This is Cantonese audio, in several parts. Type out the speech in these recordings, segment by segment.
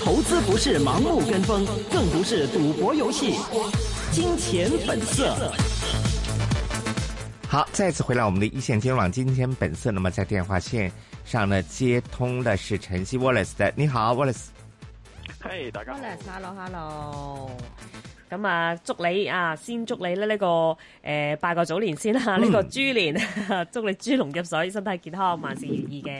投資不是盲目跟風，更不是賭博遊戲。金錢本色。好，再次回來我們的一線天網《金錢本色》。那麼在電話線上呢接通的是陳昕 Wallace 的，你好 Wallace。Hey 大家好。Wallace，hello，hello。咁啊，祝你啊，先祝你咧、這、呢個誒、呃、拜個早年先啦，呢、嗯這個豬年，祝你豬籠入水，身體健康，萬事如意嘅。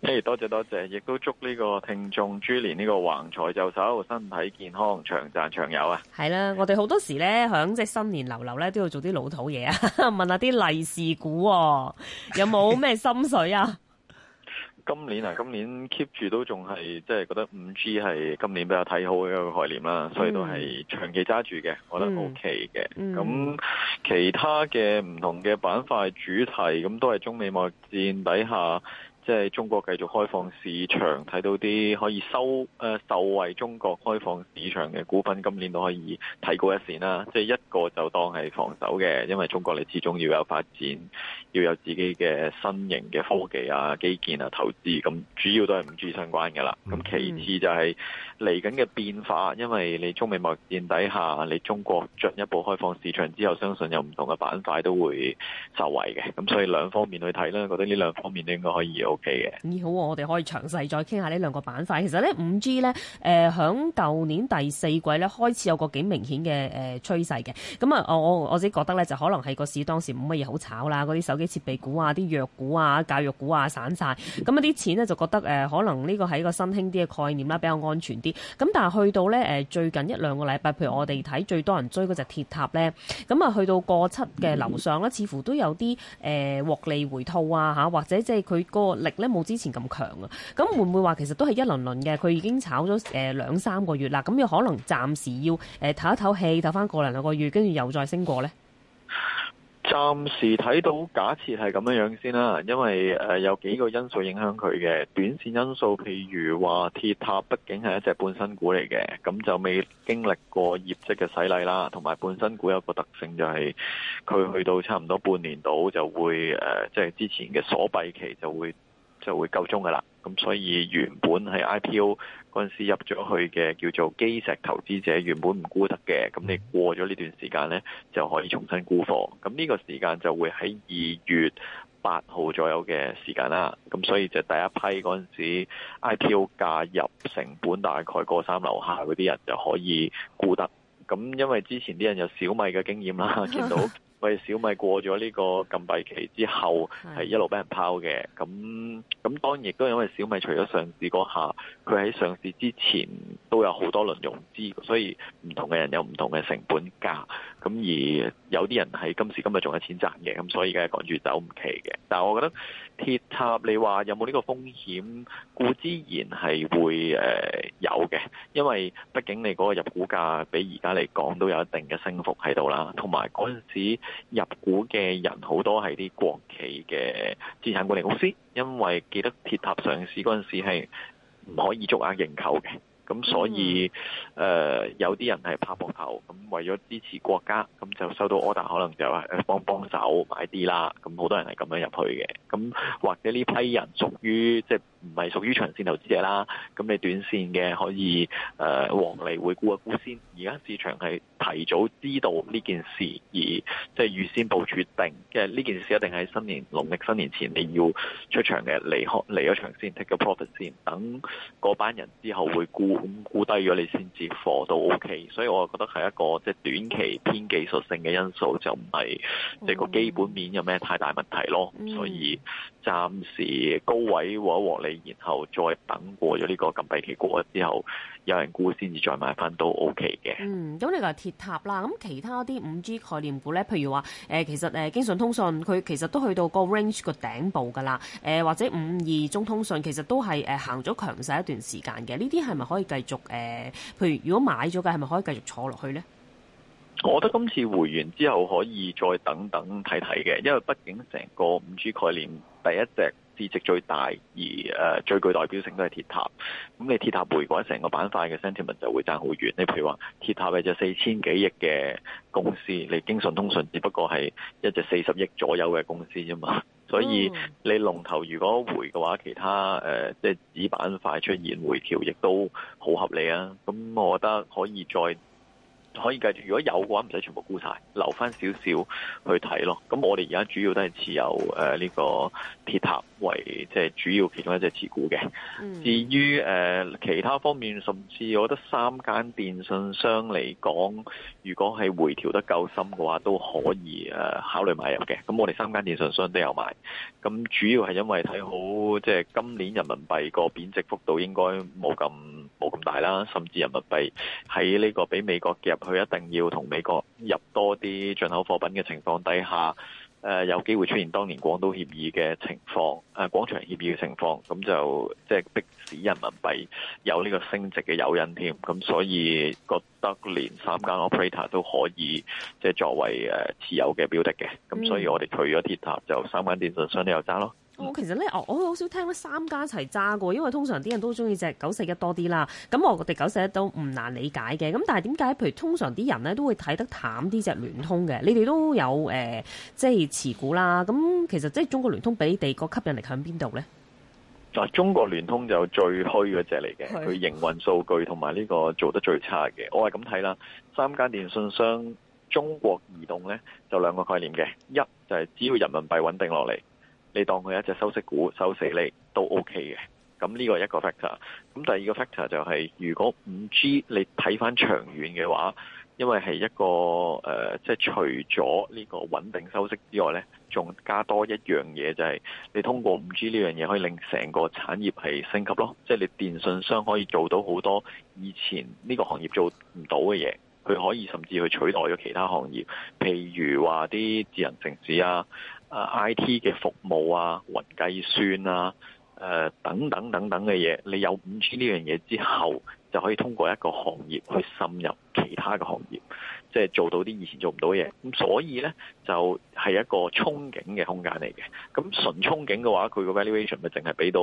誒、hey,，多謝多謝，亦都祝呢個聽眾豬年呢個橫財就手，身體健康，長賺長有啊。係啦，我哋好多時咧響即係新年流流咧都要做啲老土嘢啊，問下啲利是股有冇咩心水啊？ 今年啊，今年 keep 住都仲係，即係覺得 5G 係今年比較睇好嘅一個概念啦，所以都係長期揸住嘅，我覺得 OK 嘅。咁其他嘅唔同嘅板塊主題，咁都係中美貿易戰底下。即係中國繼續開放市場，睇到啲可以收誒、呃、受惠中國開放市場嘅股份，今年都可以睇高一線啦。即係一個就當係防守嘅，因為中國你始終要有發展，要有自己嘅新型嘅科技啊、基建啊、投資，咁主要都係 5G 相關嘅啦。咁其次就係嚟緊嘅變化，因為你中美貿易戰底下，你中國進一步開放市場之後相信有唔同嘅板塊都會受惠嘅。咁所以兩方面去睇啦，覺得呢兩方面都應該可以有。O K 嘅，咦好，我哋可以詳細再傾下呢兩個板塊。其實呢五 G 呢，誒響舊年第四季呢，開始有個幾明顯嘅誒趨勢嘅。咁啊，我我我自己覺得呢，就可能係個市當時冇乜嘢好炒啦，嗰啲手機設備股啊、啲藥股啊、教育股啊散晒。咁啊啲錢呢，就覺得誒可能呢個係一個新興啲嘅概念啦，比較安全啲。咁但係去到呢，誒最近一兩個禮拜，譬如我哋睇最多人追嗰隻鐵塔呢，咁啊去到過七嘅樓上呢，似乎都有啲誒獲利回吐啊吓，或者即係佢個。力咧冇之前咁強啊！咁會唔會話其實都係一輪輪嘅？佢已經炒咗誒兩三個月啦，咁有可能暫時要誒唞一唞氣，唞翻個零兩個月，跟住又再升過呢？暫時睇到假設係咁樣樣先啦，因為誒有幾個因素影響佢嘅短線因素，譬如話鐵塔畢竟係一隻半新股嚟嘅，咁就未經歷過業績嘅洗禮啦，同埋半新股有一個特性就係佢去到差唔多半年度就會誒，即係之前嘅鎖閉期就會。就會夠鐘噶啦，咁所以原本喺 IPO 嗰陣時入咗去嘅叫做基石投資者，原本唔沽得嘅，咁你過咗呢段時間呢，就可以重新沽貨。咁呢個時間就會喺二月八號左右嘅時間啦。咁所以就第一批嗰陣時 IPO 價入成本大概過三樓下嗰啲人就可以沽得。咁因為之前啲人有小米嘅經驗啦，見到。喂，小米過咗呢個禁閉期之後，係一路俾人拋嘅。咁咁當然亦都因為小米除咗上市嗰下，佢喺上市之前都有好多輪融資，所以唔同嘅人有唔同嘅成本價。咁而有啲人係今時今日仲有錢賺嘅，咁所以梗係趕住走唔期嘅。但係我覺得鐵塔，你話有冇呢個風險？固之然係會誒有嘅，因為畢竟你嗰個入股價比而家嚟講都有一定嘅升幅喺度啦。同埋嗰陣時入股嘅人好多係啲國企嘅資產管理公司，因為記得鐵塔上市嗰陣時係唔可以足額認購嘅。咁所以，誒、嗯呃、有啲人係拍膊頭，咁為咗支持國家，咁就收到 order 可能就誒幫幫手買啲啦。咁好多人係咁樣入去嘅。咁或者呢批人屬於即係唔係屬於長線投資者啦。咁你短線嘅可以誒黃利會沽一沽先。而家市場係提早知道呢件事，而即係預先部署定嘅，呢件事一定喺新年農曆新年前你要出場嘅，離開嚟咗場先 take 個 profit 先。等班人之後會沽。沽低咗你先接貨都 O K，所以我覺得係一個即係短期偏技術性嘅因素，就唔係成個基本面有咩太大問題咯。所以暫時高位獲一獲利，然後再等過咗呢個禁閉期，期過咗之後，有人沽先至再買翻都 O K 嘅。嗯，咁呢個係鐵塔啦。咁其他啲五 G 概念股咧，譬如話誒，其實誒，京信通訊佢其實都去到個 range 個頂部㗎啦。誒或者五二中通訊其實都係誒行咗強勢一段時間嘅。呢啲係咪可以？繼續誒、呃，譬如如果買咗嘅，係咪可以繼續坐落去呢？我覺得今次回完之後可以再等等睇睇嘅，因為畢竟成個五 G 概念，第一隻市值最大，而誒、呃、最具代表性都係鐵塔，咁你鐵塔回嗰陣，成個板塊嘅 sentiment 就會爭好遠。你譬如話鐵塔係隻四千幾億嘅公司，你京信通訊只不過係一隻四十億左右嘅公司啫嘛。所以你龍頭如果回嘅話，其他誒，即係子板塊出現回調亦都好合理啊。咁我覺得可以再。可以繼續，如果有嘅話，唔使全部沽晒，留翻少少去睇咯。咁我哋而家主要都係持有呢個鐵塔為，即係主要其中一隻持股嘅。至於、呃、其他方面，甚至我覺得三間電信商嚟講，如果係回調得夠深嘅話，都可以考慮買入嘅。咁我哋三間電信商都有買。咁主要係因為睇好即係今年人民幣個貶值幅度應該冇咁。冇咁大啦，甚至人民幣喺呢個俾美國夾入去，一定要同美國入多啲進口貨品嘅情況底下，誒有機會出現當年廣東協議嘅情況，廣場協議嘅情況，咁就即係迫使人民幣有呢個升值嘅誘因添。咁所以覺得連三間 operator 都可以即係、就是、作為持有嘅標的嘅，咁所以我哋退咗鐵塔就三間電信商又揸咯。我、哦、其實咧，我好少聽三家一齊揸嘅，因為通常啲人都中意隻九四一多啲啦。咁我覺得九四一都唔難理解嘅。咁但係點解？譬如通常啲人咧都會睇得淡啲隻聯通嘅。你哋都有、呃、即係持股啦。咁其實即係中國聯通俾你哋個吸引力喺邊度咧？嗱，中國聯通就最虛嘅隻嚟嘅，佢營運數據同埋呢個做得最差嘅。我係咁睇啦，三間電信商，中國移動咧就兩個概念嘅，一就係、是、只要人民幣穩定落嚟。你當佢一隻收息股收死你都 OK 嘅，咁呢個係一個 factor。咁第二個 factor 就係，如果五 G 你睇翻長遠嘅話，因為係一個誒，即係除咗呢個穩定收息之外呢，仲加多一樣嘢就係，你通過五 G 呢樣嘢可以令成個產業係升級咯。即係你電信商可以做到好多以前呢個行業做唔到嘅嘢，佢可以甚至去取代咗其他行業，譬如話啲智能城市啊。啊！IT 嘅服務啊、雲計算啊、誒、呃，等等等等嘅嘢，你有 5G 呢樣嘢之後，就可以通過一個行業去滲入其他嘅行業。即、就、係、是、做到啲以前做唔到嘅嘢，咁所以呢，就係一個憧憬嘅空間嚟嘅。咁純憧憬嘅話，佢個 valuation 咪淨係俾到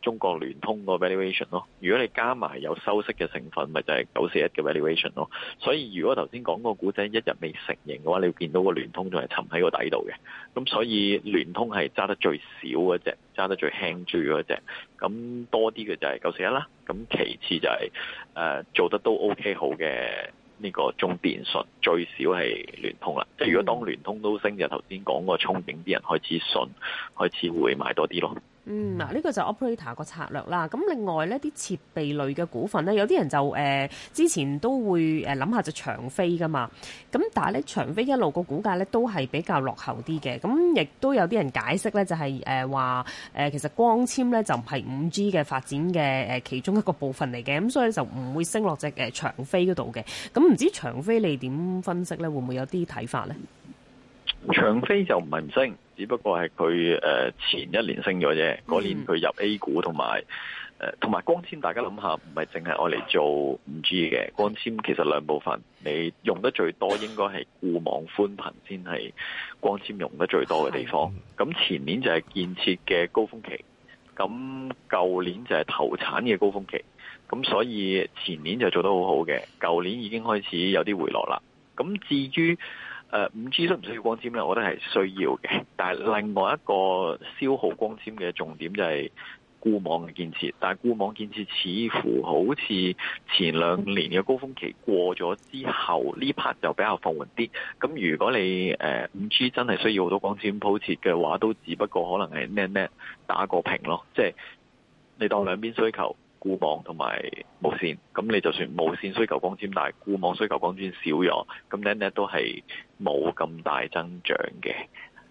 中國聯通個 valuation 咯。如果你加埋有收息嘅成分，咪就係九四一嘅 valuation 咯。所以如果頭先講個故仔一日未成形嘅話，你會見到個聯通仲係沉喺個底度嘅。咁所以聯通係揸得最少嗰隻，揸得最輕最嗰隻。咁多啲嘅就係九四一啦。咁其次就係、是呃、做得都 OK 好嘅。呢、這個中電信最少係聯通啦，即係如果當聯通都升，就頭先講個憧憬，啲人開始信，開始會買多啲咯。嗯，嗱，呢個就是 operator 個策略啦。咁另外呢啲設備類嘅股份呢，有啲人就誒、呃、之前都會誒諗下隻長飛噶嘛。咁但係咧，長飛一路個股價咧都係比較落後啲嘅。咁亦都有啲人解釋咧、就是，就係誒話誒其實光纖咧就唔係五 G 嘅發展嘅誒其中一個部分嚟嘅。咁所以就唔會升落隻誒長飛嗰度嘅。咁唔知長飛你點分析咧？會唔會有啲睇法咧？長飛就唔係唔升。只不過係佢誒前一年升咗啫，嗰年佢入 A 股同埋誒同埋光纖，大家諗下，唔係淨係愛嚟做 5G 嘅光纖，其實兩部分，你用得最多應該係固網寬頻先係光纖用得最多嘅地方。咁前年就係建設嘅高峰期，咁舊年就係投產嘅高峰期，咁所以前年就做得好好嘅，舊年已經開始有啲回落啦。咁至於誒五 G 需唔需要光纖咧？我覺得係需要嘅，但係另外一個消耗光纖嘅重點就係固網嘅建設，但係固網建設似乎好似前兩年嘅高峰期過咗之後呢 part 就比較放緩啲。咁如果你誒五 G 真係需要好多光纖鋪設嘅話，都只不過可能係咩咩打個平咯，即係你當兩邊需求。固網同埋無線，咁你就算無線需求光纖大，固網需求光纖少咗，咁呢一都係冇咁大增長嘅。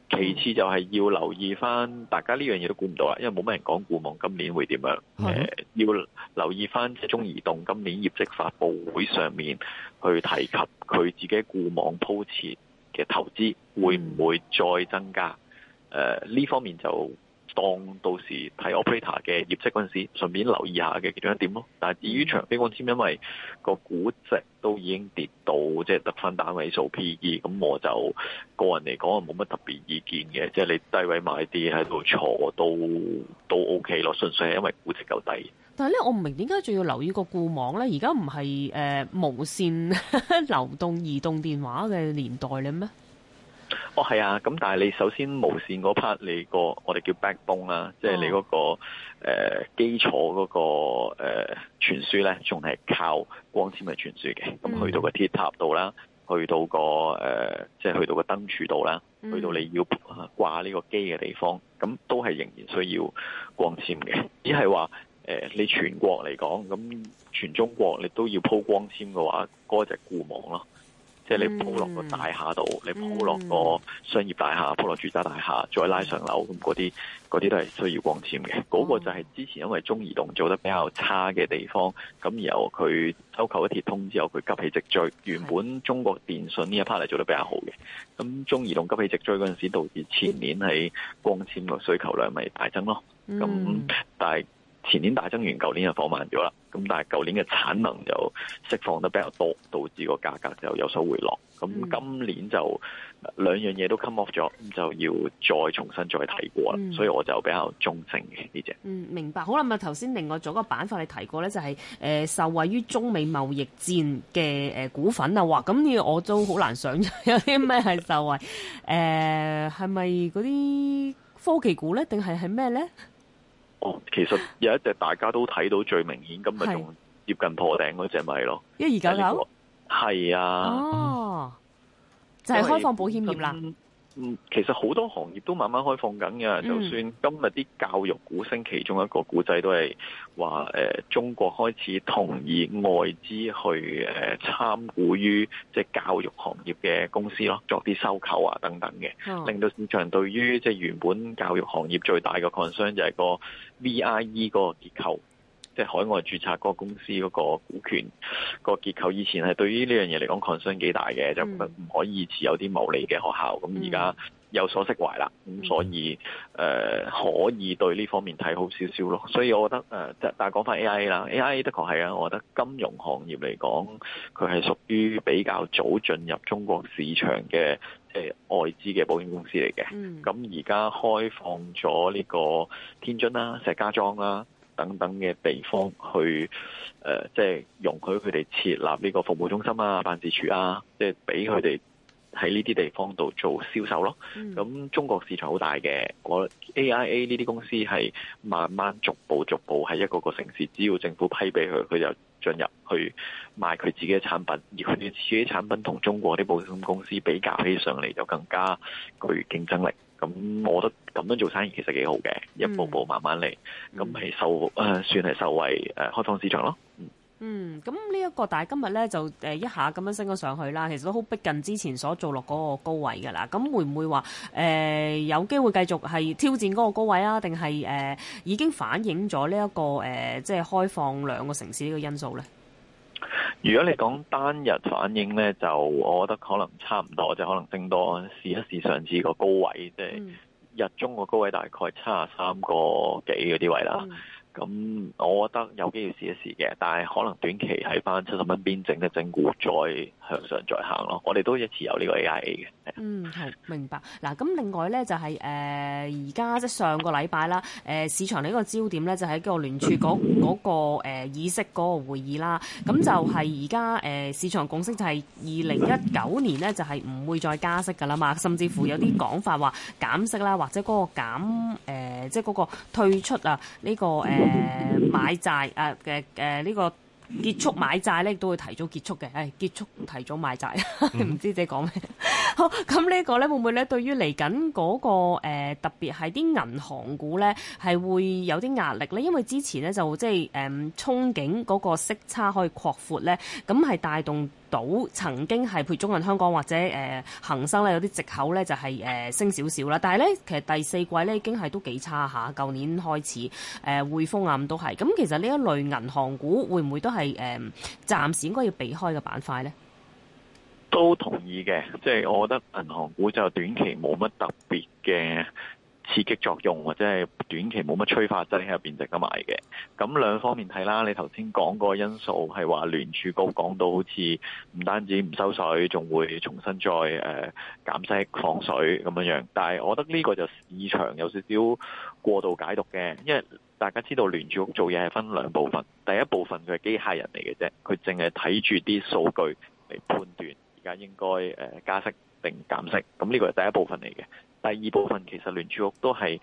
其次就係要留意返，大家呢樣嘢都估唔到啦，因為冇乜人講固網今年會點樣，呃。要留意返即中移動今年業績發佈會上面去提及佢自己固網鋪設嘅投資會唔會再增加？誒、呃，呢方面就。當到時睇 operator 嘅業績嗰陣時，順便留意一下嘅其中一點咯。但係至於長飛光纖，因為個估值都已經跌到即係、就是、得翻單位數 PE，咁我就個人嚟講冇乜特別意見嘅，即、就、係、是、你低位買啲喺度坐都都 OK 咯，純粹係因為估值夠低。但係咧，我唔明點解仲要留意個固網咧？而家唔係誒無線 流動移動電話嘅年代咧咩？哦，係啊，咁但係你首先無線嗰 part，你、那個我哋叫 backbone 啦、哦，即、就、係、是、你嗰、那個誒、呃、基礎嗰、那個誒傳輸咧，仲、呃、係靠光纖嘅傳輸嘅。咁去到個鐵塔度啦，去到個誒即係去到、那個燈、呃就是、柱度啦。、嗯，去到你要掛呢個機嘅地方，咁都係仍然需要光纖嘅。只係話誒，你全國嚟講，咁全中國你都要鋪光纖嘅話，嗰、那、隻、個、固網咯。即係你鋪落個大廈度，你鋪落個商業大廈，鋪落住宅大廈，再拉上樓咁，嗰啲嗰啲都係需要光纖嘅。嗰個就係之前因為中移動做得比較差嘅地方，咁然後佢收購咗鐵通之後，佢急起直追。原本中國電信呢一 part 嚟做得比較好嘅，咁中移動急起直追嗰陣時，導致前年喺光纖嘅需求量咪大增咯。咁但係，前年大增完，舊年就放慢咗啦。咁但係舊年嘅產能就釋放得比較多，導致個價格就有所回落。咁、嗯、今年就兩樣嘢都 come off 咗，咁就要再重新再睇過啦、嗯。所以我就比較中性嘅呢隻。嗯，明白。好啦，咁啊頭先另外做個板塊你提過咧，就係、誒呃、受惠於中美貿易戰嘅股份啊，話咁呢我都好難想像有啲咩係受惠。誒係咪嗰啲科技股咧？定係係咩咧？哦，其實有一隻大家都睇到最明顯，咁咪仲接近破頂嗰隻咪係咯，一二九九，係、就是、啊，哦，就係、是、開放保險業啦。嗯，其實好多行業都慢慢開放緊嘅，就算今日啲教育股升，其中一個故仔都係話誒中國開始同意外資去誒參股於即係教育行業嘅公司咯，作啲收購啊等等嘅，令到市場對於即係原本教育行業最大嘅 concern 就係個 VIE 嗰個結構。即海外註冊個公司嗰個股權個結構，以前係對於呢樣嘢嚟講 concern 幾大嘅，就唔可以持有啲牟利嘅學校。咁而家有所釋懷啦，咁、嗯、所以、呃、可以對呢方面睇好少少咯。所以我覺得誒、呃，但講翻 AIA 啦，AIA 的確係啊，我覺得金融行業嚟講，佢係屬於比較早進入中國市場嘅，即、呃、係外資嘅保險公司嚟嘅。咁而家開放咗呢個天津啦、啊、石家莊啦、啊。等等嘅地方去，誒即係容許佢哋設立呢個服務中心啊、辦事處啊，即係俾佢哋喺呢啲地方度做銷售咯。咁、嗯、中國市場好大嘅，我 AIA 呢啲公司係慢慢逐步逐步喺一個個城市，只要政府批俾佢，佢就進入去賣佢自己嘅產品，而佢哋自己產品同中國啲保險公司比較起上嚟，就更加具競爭力。咁，我覺得咁樣做生意其實幾好嘅，一步步慢慢嚟，咁、嗯、係受、呃、算係受惠誒、呃、開放市場咯。嗯，咁、這個、呢一個但係今日咧就一下咁樣升咗上去啦，其實都好逼近之前所做落嗰個高位噶啦。咁會唔會話誒、呃、有機會繼續係挑戰嗰個高位啊？定係誒已經反映咗呢一個誒、呃、即係開放兩個城市呢個因素咧？如果你講單日反應呢，就我覺得可能差唔多，就可能頂多試一試上次個高位，即、就、係、是、日中個高位大概七十三個幾嗰啲位啦。嗯咁我覺得有機會試一試嘅，但係可能短期喺翻七十蚊邊整嘅整蠱再向上再行咯。我哋都一直持有呢個 AIA 嘅。嗯，好明白。嗱，咁另外咧就係誒而家即係上個禮拜啦，誒市場呢個焦點咧就係、是、個聯儲局嗰個誒、嗯那個呃、議息嗰個會議啦。咁、嗯、就係而家誒市場共識就係二零一九年咧就係、是、唔會再加息㗎啦嘛，甚至乎有啲講法話減息啦，或者嗰個減、呃、即係嗰個退出啊呢、這個、呃誒、呃，買債啊，嘅誒呢個結束買債咧，都會提早結束嘅。係、哎、結束提早買債，唔知你講咩、嗯？好，咁呢個咧會唔會咧，對於嚟緊嗰個誒特別係啲銀行股咧，係會有啲壓力咧？因為之前咧就即係誒憧憬嗰個息差可以擴闊咧，咁係帶動。到曾經係配中銀香港或者誒恒、呃、生咧有啲藉口咧就係、是、誒、呃、升少少啦，但係咧其實第四季咧已經係都幾差嚇，舊年開始誒匯、呃、豐啊咁都係，咁其實呢一類銀行股會唔會都係誒、呃、暫時應該要避開嘅板塊咧？都同意嘅，即、就、係、是、我覺得銀行股就短期冇乜特別嘅。刺激作用或者係短期冇乜催化劑喺入邊值得買嘅。咁兩方面睇啦，你頭先講個因素係話聯儲局講到好似唔單止唔收水，仲會重新再誒減息放水咁樣樣。但係我覺得呢個就市場有少少過度解讀嘅，因為大家知道聯儲局做嘢係分兩部分，第一部分佢係機械人嚟嘅啫，佢淨係睇住啲數據嚟判斷而家應該加息定減息。咁呢個係第一部分嚟嘅。第二部分其實聯儲局都係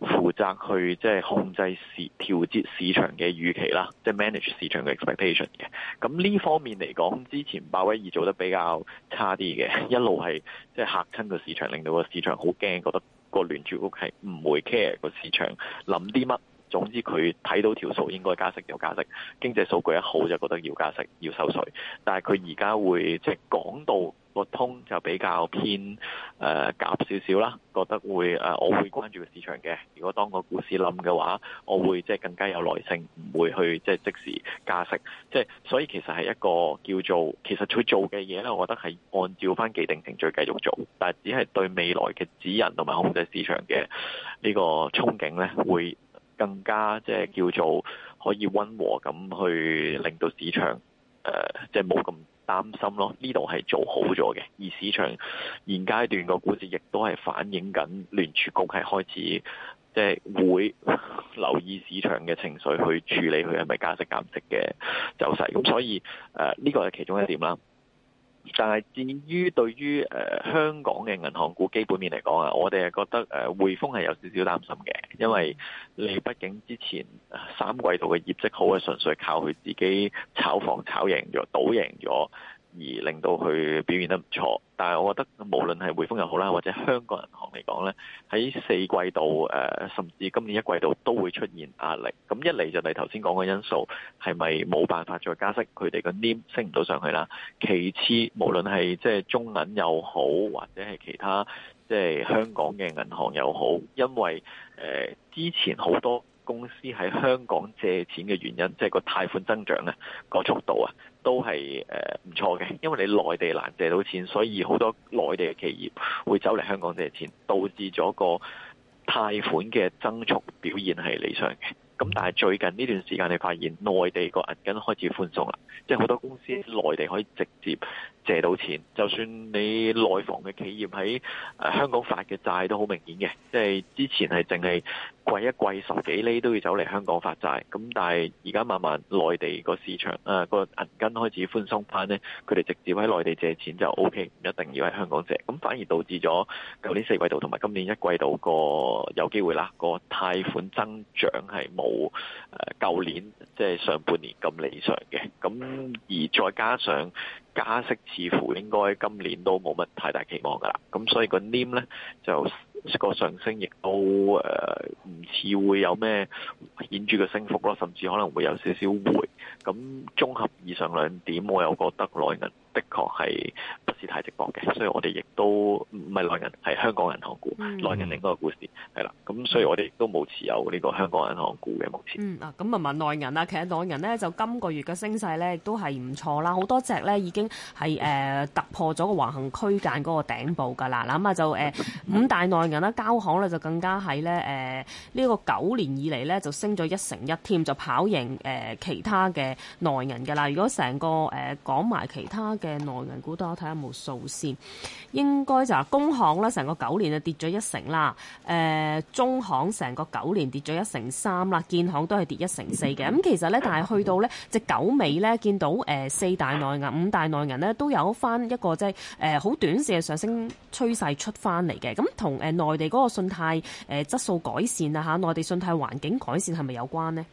負責去即係控制市調節市場嘅預期啦，即係 manage 市場嘅 expectation 嘅。咁呢方面嚟講，之前鮑威爾做得比較差啲嘅，一路係即係嚇親個市場，令到個市場好驚，覺得個聯儲局係唔會 care 個市場諗啲乜。總之佢睇到條數應該加息就加息，經濟數據一好就覺得要加息要收水。但係佢而家會即係講到。個通就比較偏誒夾少少啦，覺得會誒我會關注個市場嘅。如果當個股市冧嘅話，我會即係更加有耐性，唔會去即係即時加息。即係所以其實係一個叫做其實佢做嘅嘢咧，我覺得係按照返既定程序繼續做，但係只係對未來嘅指引同埋控制市場嘅呢個憧憬咧，會更加即係叫做可以溫和咁去令到市場誒、呃、即係冇咁。擔心咯，呢度係做好咗嘅，而市場現階段個股市亦都係反映緊聯儲局係開始即係、就是、會留意市場嘅情緒，去處理佢係咪加息減息嘅走勢。咁所以誒，呢、呃這個係其中一點啦。但係，至於對於誒香港嘅銀行股基本面嚟講啊，我哋係覺得誒匯豐係有少少擔心嘅，因為你畢竟之前三季度嘅業績好係純粹靠佢自己炒房炒贏咗、賭贏咗。而令到佢表現得唔錯，但係我覺得無論係匯豐又好啦，或者香港銀行嚟講呢，喺四季度誒，甚至今年一季度都會出現壓力。咁一嚟就係頭先講嘅因素，係咪冇辦法再加息？佢哋個 NIM 升唔到上去啦。其次，無論係即係中銀又好，或者係其他即係、就是、香港嘅銀行又好，因為、呃、之前好多。公司喺香港借錢嘅原因，即係個貸款增長啊，個速度啊，都係誒唔錯嘅，因為你內地難借到錢，所以好多內地嘅企業會走嚟香港借錢，導致咗個貸款嘅增速表現係理想嘅。咁但係最近呢段時間，你發現內地個銀根開始寬鬆啦，即係好多公司內地可以直接借到錢。就算你內房嘅企業喺誒香港發嘅債都好明顯嘅，即係之前係淨係貴一貴十幾厘都要走嚟香港發債，咁但係而家慢慢內地個市場誒個銀根開始寬鬆翻咧，佢哋直接喺內地借錢就 OK，唔一定要喺香港借。咁反而導致咗舊年四季度同埋今年一季度個有機會啦，個貸款增長係冇。冇舊年即係、就是、上半年咁理想嘅，咁而再加上加息，似乎應該今年都冇乜太大期望㗎啦。咁所以個黏呢，就個上升亦都唔似會有咩顯著個升幅咯，甚至可能會有少少回。咁綜合以上兩點，我有覺得內銀。的確係不是太直覺嘅，所以我哋亦都唔係內銀，係香港銀行股、嗯、內銀嗰個故事係啦。咁所以我哋亦都冇持有呢個香港銀行股嘅目前。啊、嗯，咁啊問，問內銀啦，其實內銀咧就今個月嘅升勢咧亦都係唔錯啦，好多隻咧已經係誒、呃、突破咗個橫行區間嗰個頂部㗎啦。嗱咁啊就誒、呃嗯、五大內銀啦，交行咧就更加係咧誒呢個九年以嚟咧就升咗一成一添，就跑贏誒、呃、其他嘅內銀㗎啦。如果成個誒、呃、講埋其他嘅內銀股，等我睇下冇數先，應該就係工行咧，成個九年就跌咗一成啦。誒，中行成個九年跌咗一，、呃、一成三啦，建行都係跌一成四嘅。咁其實咧，但係去到咧，只九尾咧，見到誒四大內銀、五大內銀咧，都有返一個即係誒好短線嘅上升趨勢出翻嚟嘅。咁同誒內地嗰個信貸誒、呃、質素改善啊，吓內地信貸環境改善係咪有關呢？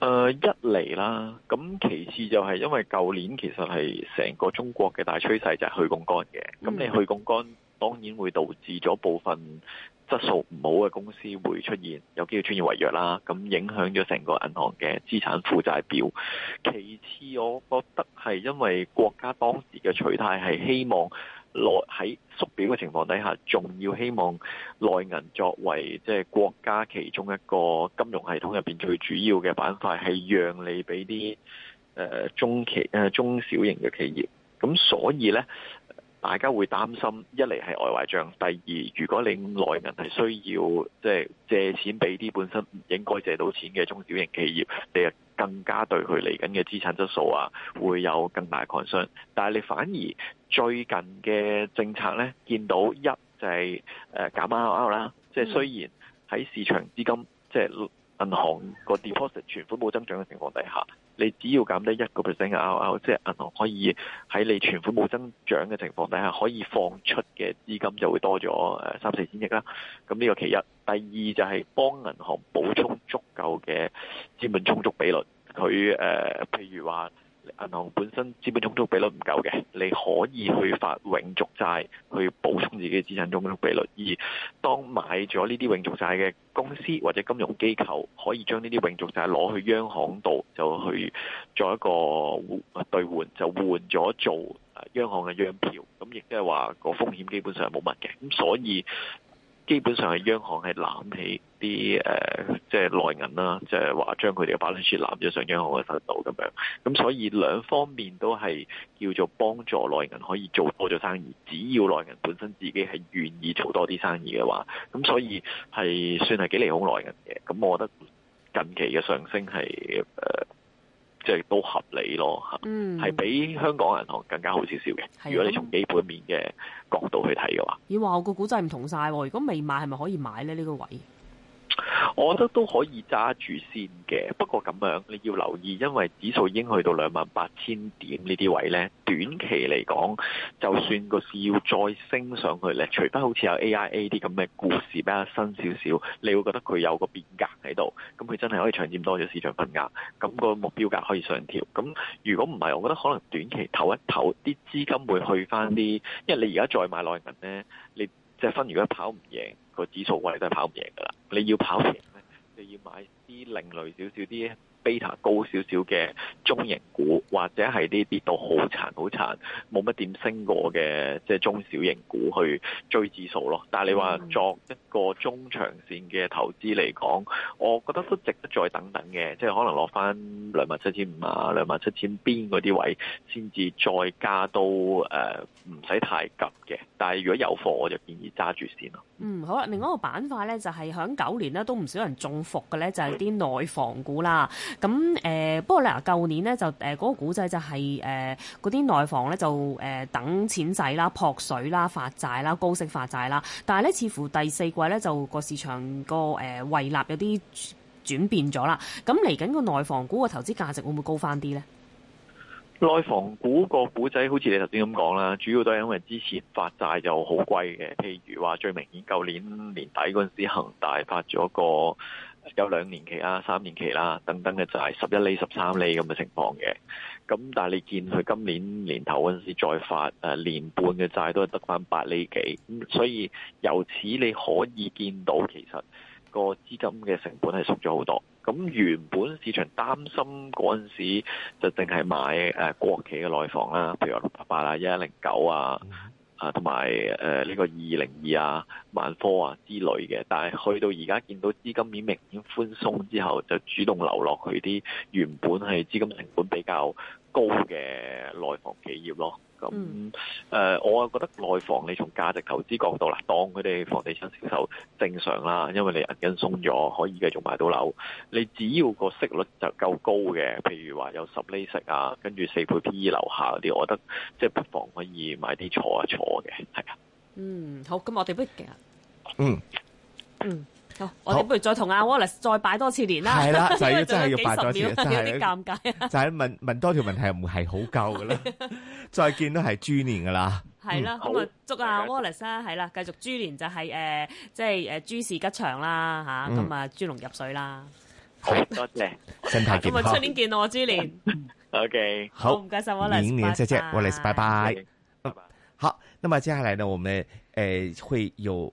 誒、uh, 一嚟啦，咁其次就係因為舊年其實係成個中國嘅大趨勢就係去槓桿嘅，咁你去槓桿當然會導致咗部分質素唔好嘅公司會出現，有機會出現違約啦，咁影響咗成個銀行嘅資產負債表。其次，我覺得係因為國家當時嘅取態係希望內喺縮表嘅情況底下，仲要希望內銀作為即係國家其中一個金融系統入邊最主要嘅板塊，係讓利俾啲誒中期誒中小型嘅企業。咁所以呢，大家會擔心一嚟係外匯帳，第二如果你內銀係需要即係借錢俾啲本身唔應該借到錢嘅中小型企業，你就更加對佢嚟緊嘅資產質素啊，會有更大嘅 concern。但係你反而。最近嘅政策咧，見到一就係、是、誒減 RR 啦，即係雖然喺市場資金即係、就是、銀行個 deposit 存款冇增長嘅情況底下，你只要減低一個 percent 嘅 RR，即係銀行可以喺你存款冇增長嘅情況底下，可以放出嘅資金就會多咗誒三四千億啦。咁呢個其一，第二就係幫銀行補充足夠嘅資本充足比率，佢誒、呃、譬如話。銀行本身資本充足比率唔夠嘅，你可以去發永續債去補充自己資產充足比率。而當買咗呢啲永續債嘅公司或者金融機構，可以將呢啲永續債攞去央行度就去做一個兌換兌換，就換咗做央行嘅央票。咁亦都係話個風險基本上係冇乜嘅。咁所以基本上係央行係攬起。啲、呃、即係內銀啦，即係話將佢哋嘅 balance 攬咗上央行嘅手度咁樣，咁所以兩方面都係叫做幫助內銀可以做多咗生意。只要內銀本身自己係願意做多啲生意嘅話，咁所以係算係幾利好內銀嘅。咁我覺得近期嘅上升係誒、呃，即係都合理咯係、嗯、比香港銀行更加好少少嘅。如果你從基本面嘅角度去睇嘅話，你話我個股債唔同晒。如果未買係咪可以買咧？呢、這個位？我覺得都可以揸住先嘅，不過咁樣你要留意，因為指數已經去到兩萬八千點呢啲位呢，短期嚟講，就算個市要再升上去呢，除非好似有 AIA 啲咁嘅故事比較新少少，你會覺得佢有個變革喺度，咁佢真係可以搶佔多咗市場份額，咁個目標價可以上調。咁如果唔係，我覺得可能短期唞一唞，啲資金會去翻啲，因為你而家再買內銀呢。你。即係分，如果跑唔贏，個指數位，都係跑唔贏㗎啦。你要跑贏咧，就要買啲另類少少啲。高少少嘅中型股，或者係啲跌到好殘好殘，冇乜點升過嘅，即係中小型股去追指數咯。但係你話作一個中長線嘅投資嚟講，我覺得都值得再等等嘅，即係可能落翻兩萬七千五啊，兩萬七千邊嗰啲位先至再加都誒，唔使太急嘅。但係如果有貨，我就建議揸住先咯。嗯，好啦，另外一個板塊咧，就係響九年咧都唔少人中伏嘅咧，就係啲內房股啦。咁誒、呃、不過咧，舊年咧就誒嗰、呃那個股仔就係誒嗰啲內房咧就誒、呃、等錢仔啦、撲水啦、發債啦、高息發債啦。但係咧，似乎第四季咧就個市場個誒胃納有啲轉變咗啦。咁嚟緊個內房股嘅投資價值會唔會高翻啲咧？內房股個股仔好似你頭先咁講啦，主要都係因為之前發債就好貴嘅，譬如話最明顯舊年年底嗰陣時，恒大發咗個。有兩年期啦、啊、三年期啦、啊、等等嘅就債，十一厘十三厘咁嘅情況嘅。咁但係你見佢今年年頭嗰陣時再發誒、啊、年半嘅債都係得返八厘幾，咁所以由此你可以見到其實個資金嘅成本係縮咗好多。咁原本市場擔心嗰陣時就淨係買誒、啊、國企嘅內房啦，譬如話六八八啦、一一零九啊。啊，同埋誒呢個二零二啊、萬科啊之類嘅，但係去到而家見到資金面明顯寬鬆之後，就主動流落去啲原本係資金成本比較高嘅內房企業咯。咁、嗯、誒、嗯，我覺得內房你從價值投資角度啦，當佢哋房地產銷售正常啦，因為你銀根鬆咗，可以繼續買到樓。你只要個息率就夠高嘅，譬如話有十厘息啊，跟住四倍 PE 樓下嗰啲，我覺得即係不妨可以買啲坐一坐嘅，係啊。嗯，好，咁我哋不如今日，嗯，嗯。哦、我哋不如再同阿 Wallace 再拜多次年啦，係啦，因為真係要拜多次年。有啲尷尬。 就係問問多條問題唔係好夠噶啦，是 再見都係豬年噶啦。係啦，咁、嗯、啊祝阿 Wallace 係、啊、啦，繼續豬年就係、是、誒，即係誒豬事吉祥啦，吓同埋豬龍入水啦。多謝，謝，身體健康。新 年見到我豬年。OK， 好，唔該晒 Wallace，Wallace，拜拜。好。咁啊接下來呢，我哋誒、呃、會有。